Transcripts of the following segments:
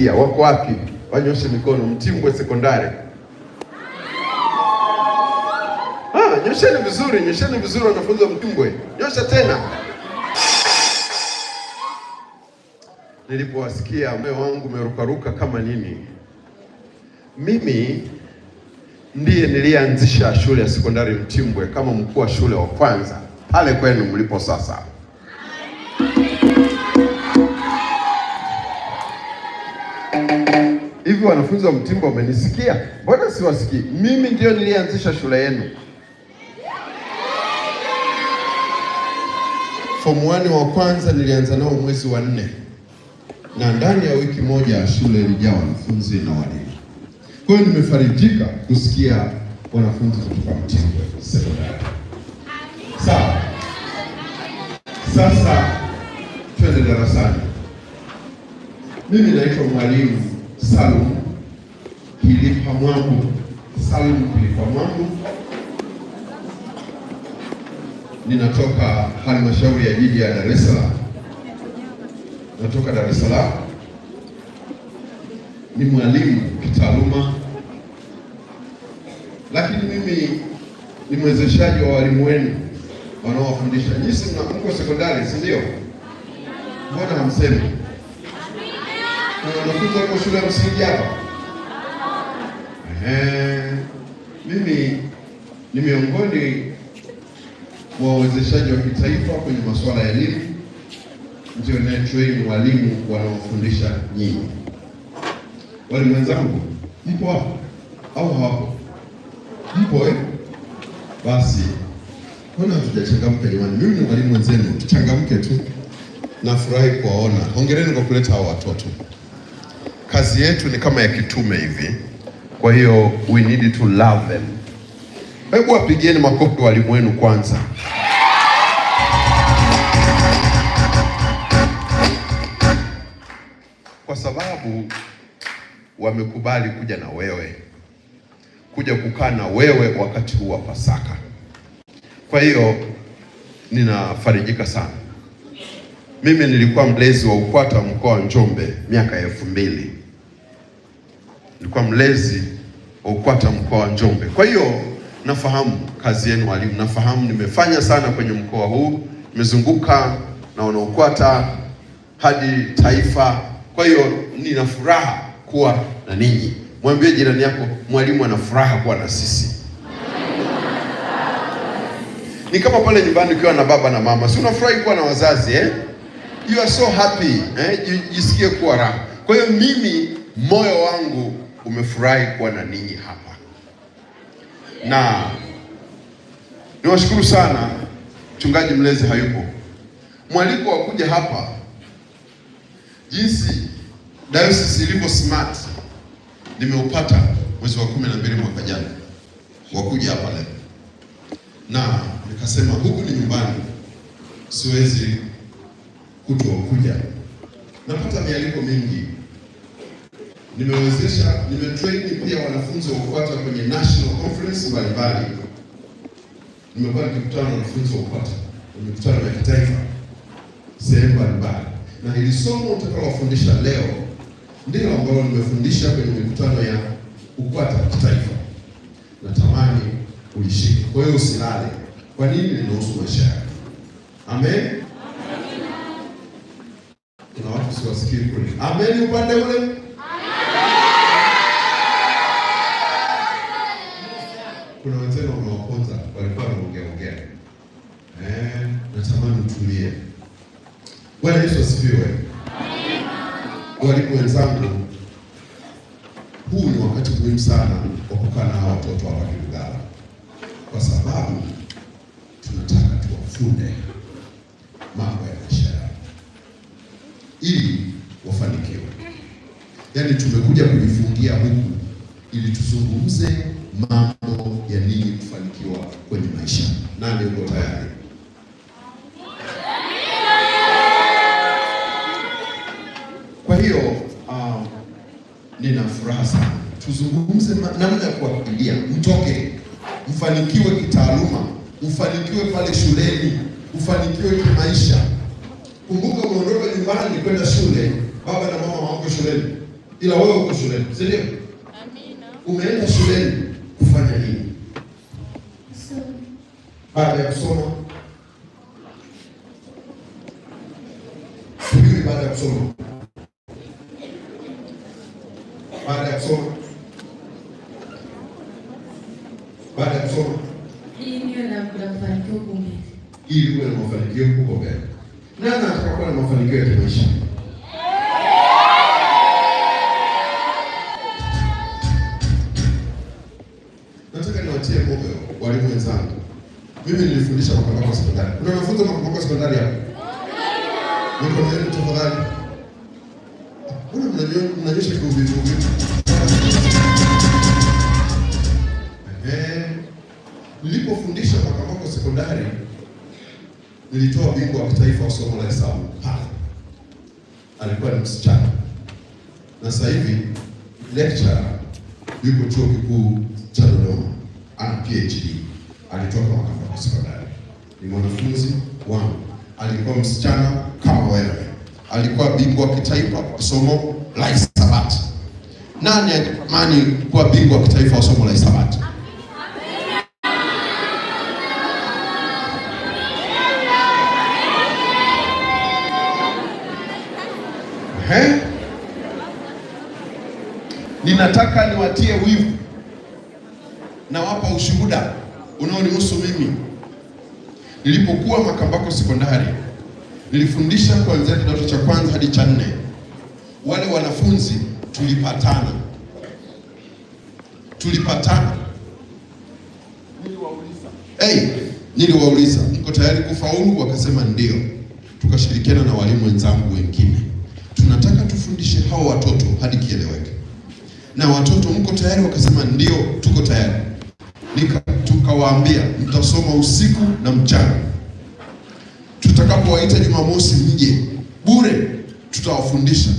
kusikia. Wako wapi? Wanyoshe mikono. Mtimbwe Sekondari, ah, nyosheni vizuri, nyosheni vizuri, wanafunzi wa Mtimbwe, nyosha tena. Nilipowasikia moyo wangu umerukaruka kama nini. Mimi ndiye nilianzisha shule ya sekondari Mtimbwe kama mkuu wa shule wa kwanza pale kwenu mlipo sasa. Hivi wanafunzi wa mtimbo wamenisikia? Mbona siwasikii? Mimi ndio nilianzisha shule yenu Form 1 wa kwanza nilianza nao mwezi wa nne, na ndani ya wiki moja shule ilijaa wanafunzi na walimu. Kwa hiyo nimefarijika kusikia wanafunzi kutoka Mtimbo Sekondari. Sawa, sasa twende darasani. Mimi naitwa Mwalimu Salum Kilipa Mwangu, Salum Kilipa mwangu ninatoka halmashauri ya jiji ya Dar es Salaam. Natoka Dar es Salaam, ni mwalimu kitaaluma, lakini mimi ni mwezeshaji wa walimu wenu wanaowafundisha. Nyinyi mko sekondari, si ndio? Mbona hamsemi? Unapita eh, huko shule ya msingi hapa. Eh, mimi ni miongoni mwa wawezeshaji wa kitaifa kwenye masuala ya elimu, ndio ninayetrain walimu wanaofundisha nyinyi. Walimu wenzangu mpo hapo au hapo Mpo eh? Basi mbona hatujachangamka jamani? Mimi ni mwalimu wenzenu, tuchangamke tu. Nafurahi kuwaona, hongereni kwa kuleta hao watoto kazi yetu ni kama ya kitume hivi, kwa hiyo we need to love them. Hebu wapigieni makofi walimu wenu kwanza. Kwa sababu wamekubali kuja na wewe, kuja kukaa na wewe wakati huu wa Pasaka. Kwa hiyo ninafarijika sana. Mimi nilikuwa mlezi wa UKWATA mkoa wa Njombe miaka elfu mbili nilikuwa mlezi wa UKWATA mkoa wa Njombe. Kwa hiyo nafahamu kazi yenu walimu, nafahamu nimefanya sana kwenye mkoa huu, nimezunguka na wanaUKWATA hadi taifa. Kwa hiyo nina furaha kuwa na ninyi. Mwambie jirani yako, mwalimu ana furaha kuwa na sisi. Ni kama pale nyumbani ukiwa na baba na mama, si unafurahi kuwa na wazazi eh? You are so happy eh? Jisikie kuwa raha. Kwa hiyo mimi moyo wangu umefurahi kuwa na ninyi hapa, na niwashukuru sana. Mchungaji mlezi hayupo, mwaliko wa kuja hapa, jinsi dayosisi ilivyo smart nimeupata mwezi wa kumi na mbili mwaka jana wa kuja hapa leo, na nikasema huku ni nyumbani, siwezi kutokuja. Napata mialiko mingi nimewezesha nimetrain pia wanafunzi wa UPATA kwenye national conference mbalimbali. Nimekuwa nikikutana na wanafunzi wa UPATA kwenye mikutano ya kitaifa sehemu mbalimbali, na hili somo utakalowafundisha leo ndilo ambalo nimefundisha kwenye mikutano ya UPATA kitaifa. Natamani uishike, kwa hiyo usilale. Kwa nini? Linahusu maisha yako. Amen. Kuna watu siwasikii kule. Amen upande ule kuna wenzenu wanaokota walikuwa wanaongeaongea. Eh, natamani utulie. Bwana Yesu asifiwe. Walimu wenzangu, huu ni wakati muhimu sana wa kukaa na hawa watoto hapa Kilugala, kwa sababu tunataka tuwafunde mambo ya maisha yao ili wafanikiwe. Yaani tumekuja kujifungia huku ili tuzungumze mambo ninyi kufanikiwa kwenye maisha. Nani uko tayari? Kwa hiyo uh, nina furaha sana, tuzungumze namna ya kuwafikiria mtoke, mfanikiwe kitaaluma, mfanikiwe pale shuleni, mfanikiwe kimaisha. Kumbuka umeondoka nyumbani kwenda shule, baba na mama wako shuleni, ila wewe uko shuleni, si ndio? Amina. Umeenda shuleni kufanya nini? baada ya kusoma sijui, baada ya kusoma, baada ya kusoma, baada ya kusoma ili uwe na mafanikio huko mbele. Nani anataka na mafanikio ya maisha? Mimi nilifundisha Makambako Sekondari. Kuna wanafunzi Makambako Sekondari hapa? Niko na mtu tafadhali. Kuna mnajua mnajua kuhusu hizo vitu. Eh. Nilipofundisha Makambako Sekondari nilitoa bingwa wa kitaifa wa somo la hesabu. Pale. Alikuwa ni msichana. Na sasa hivi lecturer yuko chuo kikuu cha Dodoma. Ana PhD. Alitoka Makambako wa sekondari. Ni mwanafunzi wangu, alikuwa msichana kama wewe, alikuwa bingwa kitaifa kwa somo la hisabati. Nani atamani kuwa bingwa kitaifa wa somo la hisabati? Ninataka niwatie wivu na wapa ushuhuda unaonihusu mimi. Nilipokuwa Makambako sekondari, nilifundisha kuanzia kidato cha kwanza hadi cha nne. Wale wanafunzi tulipatana, tulipatana. Niliwauliza, hey, niliwauliza mko tayari kufaulu? Wakasema ndio. Tukashirikiana na walimu wenzangu wengine, tunataka tufundishe hao watoto hadi kieleweke. Na watoto mko tayari? Wakasema ndio, tuko tayari. Nika tukawaambia mtasoma usiku na mchana, tutakapowaita Jumamosi mje bure, tutawafundisha.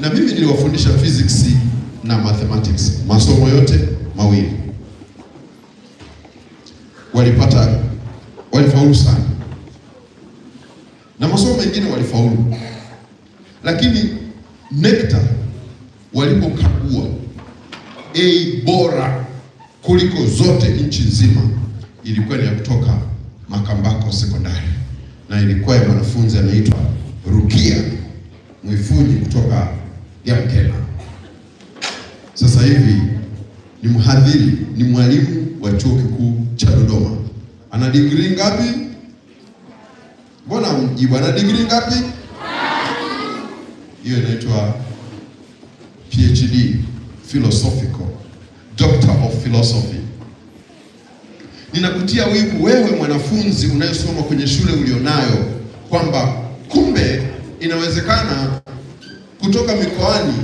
Na mimi niliwafundisha physics na mathematics, masomo yote mawili walipata, walifaulu sana, na masomo mengine walifaulu, lakini NECTA walipokagua A bora kuliko zote nchi nzima ilikuwa ni ya kutoka Makambako Sekondari, na ilikuwa ya mwanafunzi anaitwa Rukia Mwifuji kutoka Diamkela. Sasa hivi ni mhadhiri, ni mwalimu wa chuo kikuu cha Dodoma. Ana digrii ngapi? Mbona mjibu, ana digrii ngapi? Hiyo inaitwa PhD philosophical doctor of philosophy. Ninakutia wivu wewe mwanafunzi unayesoma kwenye shule ulionayo, kwamba kumbe inawezekana kutoka mikoani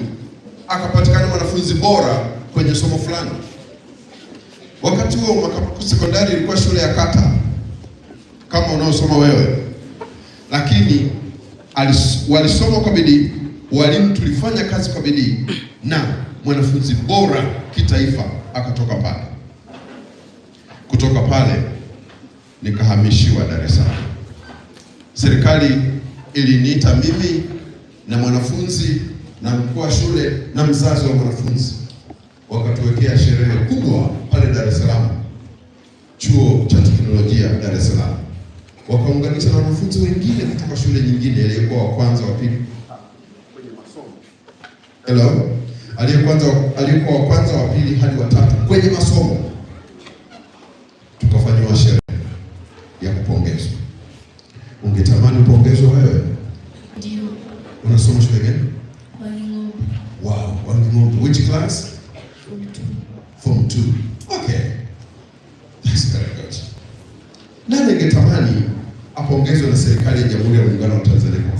akapatikana mwanafunzi bora kwenye somo fulani. Wakati huo Makamaku sekondari ilikuwa shule ya kata kama unaosoma wewe, lakini walisoma kwa bidii, walimu tulifanya kazi kwa bidii na mwanafunzi bora kitaifa akatoka pale. Kutoka pale nikahamishiwa Dar es Salaam. Serikali iliniita mimi na mwanafunzi na mkuu wa shule na mzazi wa mwanafunzi, wakatuwekea sherehe kubwa pale Dar es Salaam, chuo cha teknolojia Dar es Salaam. Wakaunganisha na wanafunzi wengine kutoka shule nyingine, aliyekuwa wa kwanza, wa pili. Hello aliyekuwa wa kwanza, wa pili hadi watatu kwenye masomo, tukafanyiwa sherehe ya kupongezwa. Ungetamani upongezwe wewe? Ndio. Unasoma shule gani? Wow, Wanging'ombe. Which class? Form 2. Okay. That's very good. Nani angetamani apongezwe na serikali ya Jamhuri ya Muungano wa Tanzania?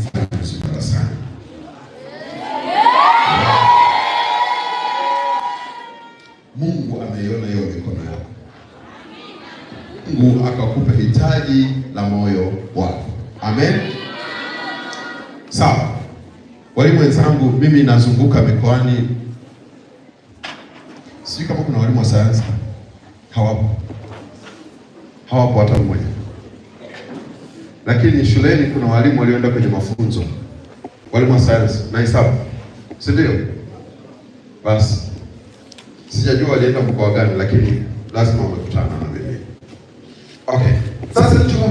Mungu akakupa hitaji la moyo wako. Amen. Sawa. Walimu wenzangu, mimi nazunguka mikoani, sijui kama kuna walimu wa sayansi. Hawapo, hawapo hata mmoja, lakini shuleni kuna walimu walioenda kwenye mafunzo, walimu wa sayansi na hesabu, si ndio? Basi sijajua walienda mkoa gani, lakini lazima wamekutana na